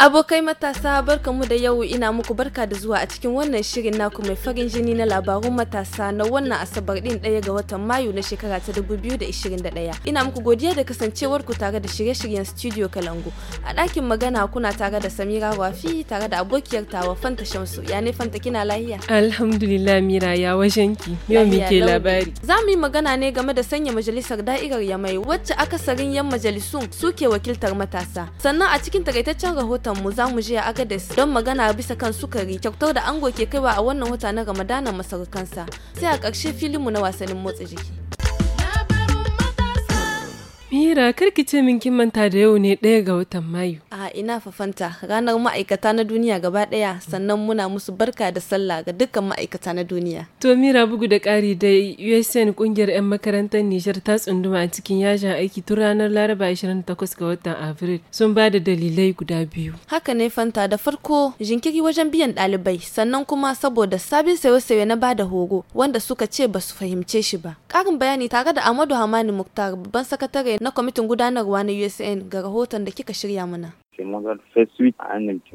Abokai matasa barka mu da yau ina muku barka da zuwa a cikin wannan shirin naku mai farin jini na labarun matasa na wannan asabar din daya ga watan Mayu na shekara ta 2021. Ina muku godiya da kasancewar ku tare da shirye-shiryen Studio kalango A ɗakin magana kuna tare da Samira Rafi tare da abokiyar tawa Fanta Shamsu. Ya ne Fanta kina lahiya? Alhamdulillah Mira ya wajen ki. Yau ke labari. Za mu yi magana ne game da sanya majalisar da'irar Yamai wacce akasarin yan majalisun suke wakiltar matasa. Sannan a cikin takaitaccen rahoton rahoton mu za mu je a Agadez don magana bisa kan sukari kyautar da ango ke kaiwa a wannan wata na Ramadanan masarukansa Sai a ƙarshe filin mu na wasannin motsa jiki. Mira, karki ce min kin manta da yau ne ɗaya ga watan Mayu. A ina fafanta ranar ma'aikata na duniya gaba ɗaya sannan muna musu barka da sallah ga dukkan ma'aikata na duniya. To Mira bugu da ƙari da USN kungiyar 'yan makarantar Nijar ta tsunduma a cikin yajin aiki tun ranar Laraba 28 ga watan Afril sun ba da dalilai guda biyu. Haka ne Fanta da farko jinkiri wajen biyan ɗalibai sannan kuma saboda sabin saye-saye na bada horo wanda suka ce ba su fahimce shi ba. Ƙarin bayani tare da Amadu Hamani Muktar babban sakatare na kwamitin gudanarwa na USN ga rahoton da kika shirya mana.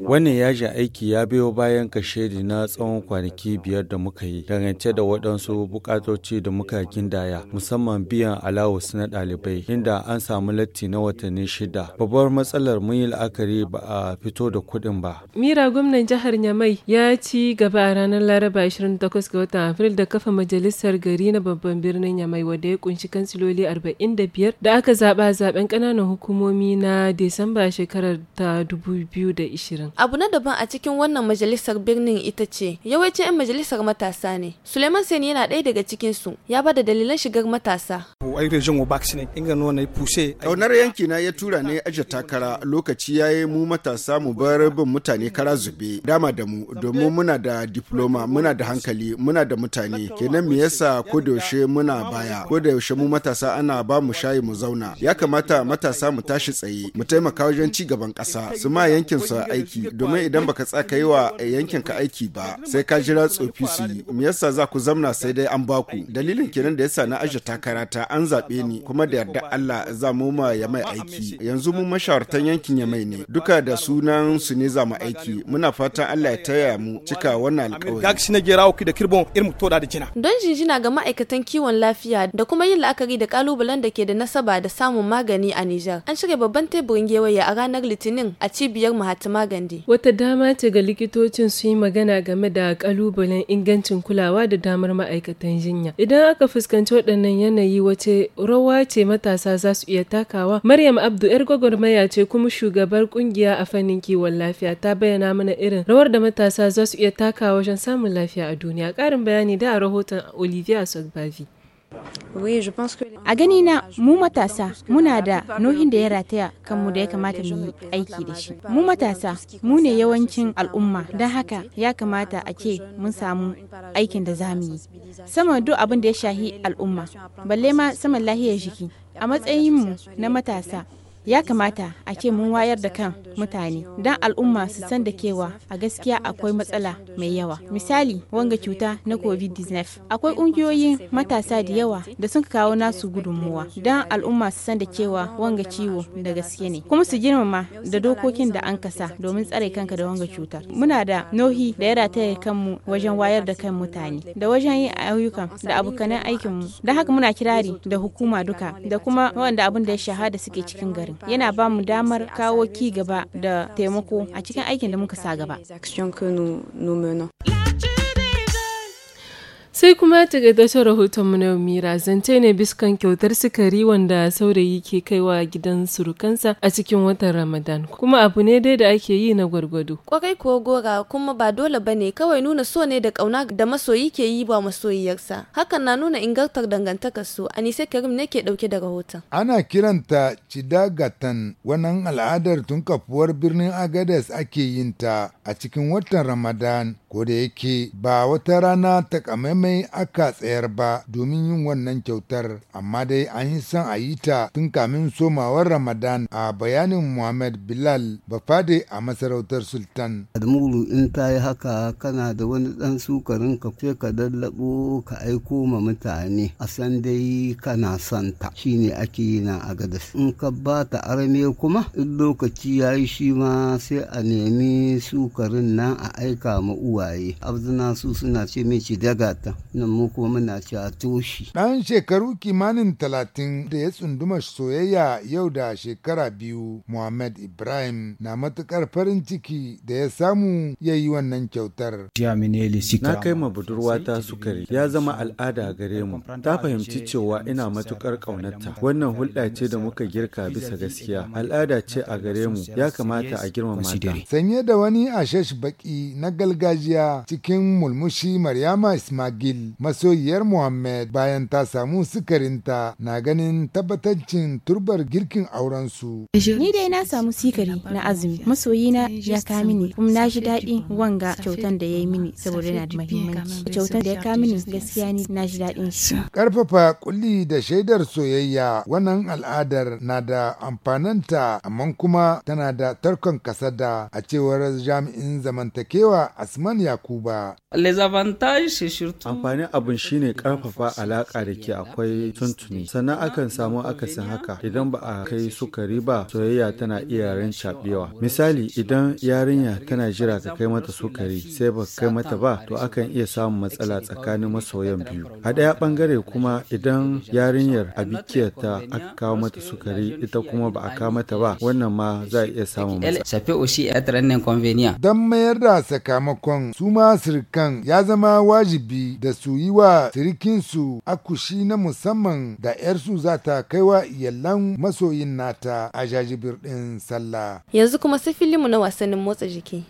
Wannan yajin aiki ya biyo bayan kashedi na tsawon kwanaki biyar da muka yi dangance da waɗansu bukatoci da muka gindaya musamman biyan alawus na ɗalibai inda an samu latti na watanni shida. Babbar matsalar mun yi la'akari ba a fito da kuɗin ba. Mira gwamnan jihar Nyamai ya ci gaba a ranar Laraba 28 ga watan Afril da kafa majalisar gari na babban birnin Nyamai wadda ya kunshi kansiloli 45 da aka zaba zaɓen ƙananan hukumomi na Desamba shekarar ta 2020. Abu na daban a cikin wannan majalisar birnin ita ce yawanci 'yan majalisar matasa ne. Suleiman Sani yana ɗaya daga cikinsu ya bada dalilan shigar matasa. kaunar yanki na ya tura ne aje takara lokaci ya yi mu matasa mu bar bin mutane kara zube dama da mu domin muna da diploma muna da hankali muna da mutane kenan me yasa ko da yaushe muna baya ko da yaushe mu matasa ana ba mu shayi mu zauna ya kamata matasa mu tashi tsaye mu taimaka wajen ci gaban ƙasa. matasa su ma yankin su aiki domin idan baka tsaka yi wa yankin ka aiki ba sai ka jira tsofi su yi me yasa za ku zamna sai dai an baku dalilin kenan da yasa na aje takarata an zaɓe ni kuma da yarda Allah za mu ma ya mai aiki yanzu mu mashawartan yankin ya mai ne duka da sunan su ne za mu aiki muna fatan Allah ya taya mu cika wannan alƙawari da da jina. don jinjina ga ma'aikatan kiwon lafiya da kuma yin la'akari da kalubalen da ke da nasaba da samun magani a Nijar an shirya babban teburin gewaye a ranar Litinin litinin a cibiyar mahatma gandhi wata dama ce ga likitocin su yi magana game da kalubalen ingancin kulawa da damar ma'aikatan jinya idan aka fuskanci waɗannan yanayi wace rawa ce matasa za su iya takawa maryam abdu yar gwagwarmaya ce kuma shugabar kungiya a fannin kiwon lafiya ta bayyana mana irin rawar da matasa za su iya takawa wajen samun lafiya a duniya ƙarin bayani da a rahoton olivia sogbavi A gani na mu matasa muna da nohin da ya rataya kanmu da ya kamata mu yi aiki da shi. Mu matasa mu ne yawancin al'umma don haka ya kamata a ce mun samu aikin da za mu yi. Sama duk abin da ya shahi al'umma balle ma saman lahiyar jiki a matsayinmu na matasa ya kamata a ce mun wayar da kan mutane don al'umma su san da kewa a gaskiya akwai matsala mai yawa misali wanga cuta na covid-19 akwai ƙungiyoyin matasa da yawa da sun kawo nasu gudunmuwa don al'umma su san da kewa wanga ciwo da gaske ne kuma su girmama da dokokin da an kasa domin tsare kanka da wanga cutar muna da nohi da ya rataya kanmu wajen wayar da kan mutane da wajen yin ayyukan da abokanan aikinmu don haka muna kirari da hukuma duka da kuma wanda abin da ya shahada suke cikin gari. yana ba mu damar kawo ki gaba da taimako a cikin aikin da muka sa gaba. Sai kuma takaitaccen mu na Mira zance ne biskan kyautar sukari wanda saurayi ke kaiwa gidan surukansa a cikin watan Ramadan kuma abu ne dai da ake yi na gwargwado. Kwarai kuwa gora kuma ba dole ba ne kawai nuna so ne da kauna da masoyi ke yi ba masoyiyarsa. Hakan na nuna ingantar dangantakar su a nisa Karim ne ke dauke da rahoton. Ana kiranta cidagatan wannan al'adar tun kafuwar birnin Agades ake yin ta a cikin watan Ramadan ko da yake ba wata rana takamaimai aka tsayar ba domin yin wannan kyautar amma dai an yi son a yi ta tun kamin somawar ramadan a bayanin muhammad bilal bafade a masarautar sultan admulu in ta yi haka kana da wani dan sukarin ka sai ka dallabo ka aiko ma mutane a san dai kana son ta shine ake yi na agadas in ka ba ta arame kuma in lokaci ya yi shi ma sai a nemi sukarin nan a aika ma uwa waye abduna su suna ce mai ci daga ta nan mu kuma muna ci a toshi dan shekaru kimanin talatin da ya tsunduma soyayya yau da shekara biyu muhammad ibrahim na matukar farin ciki da ya samu ya yi wannan kyautar na kai ma budurwata sukari ya zama al'ada gare mu ta fahimci cewa ina matukar ƙaunarta wannan hulɗa ce da muka girka bisa gaskiya al'ada ce a gare mu ya kamata a girmama ta sanye da wani ashash baki na gargajiya gaskiya cikin mulmushi Maryama Ismagil masoyiyar muhammed bayan ta samu sikarinta na ganin tabbatancin turbar girkin aurensu. Ni dai na samu sikari na azumi masoyina ya ka mini kuma na ji daɗin wanga kyautan da ya yi mini saboda yana da muhimmanci. Kyautan da ya ka mini gaskiya ni na ji daɗin shi. Karfafa kulli da shaidar soyayya wannan al'adar na da amfananta amma kuma tana da tarkon kasada a cewar jami'in zamantakewa Asman ba surtout Amfanin abin shine karfafa alaka da ke akwai tuntuni. Sannan akan samu akasin haka idan ba a kai sukari ba soyayya tana iya ran cabewa. Misali idan yarinya tana jira ka kai mata sukari sai ba kai mata ba to akan iya samun matsala tsakanin masoyan biyu. A daya bangare kuma idan yarinyar a bikiyarta aka kawo mata sukari ita kuma ba a kawo mata ba wannan ma za a iya samun matsala. Dan mayar da sakamakon suma su ma sirkan ya zama wajibi da su yi wa sirikinsu akushi na musamman da 'yarsu za ta kaiwa iyalan masoyin nata a jajibir ɗin sallah. Yanzu kuma sai filinmu na wasannin motsa jiki.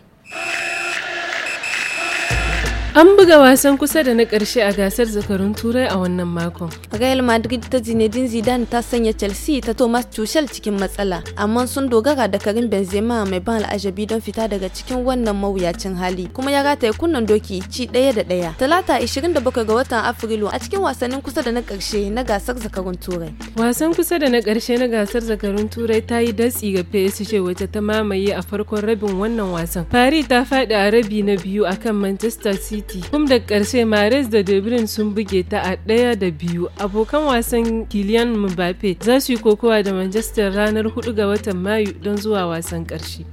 An buga wasan kusa da na karshe a gasar zakarun Turai a wannan makon. Real Madrid ta Zinedine Zidane ta sanya Chelsea ta Thomas Tuchel cikin matsala, amma sun dogara da Karim Benzema mai ban al'ajabi don fita daga cikin wannan mawuyacin hali, kuma ya rataye kunnen doki ci daya da ɗaya. Talata 27 ga watan Afrilu a cikin wasannin kusa da na ƙarshe na gasar zakarun Turai. Wasan kusa da na karshe na gasar zakarun Turai ta yi datsi ga PSG wacce ta mamaye a farkon rabin wannan wasan. Paris ta faɗi a rabi na biyu akan Manchester City city kuma da karshe mares da de sun buge ta a ɗaya da biyu abokan wasan kylian mbappe za su yi kokowa da manchester ranar 4 ga watan mayu don zuwa wasan karshe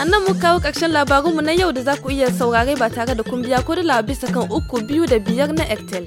an nan muka kawo karshen labarunmu na yau da za ku iya saurare ba tare da kun biya ko da kan uku biyu da biyar na ectel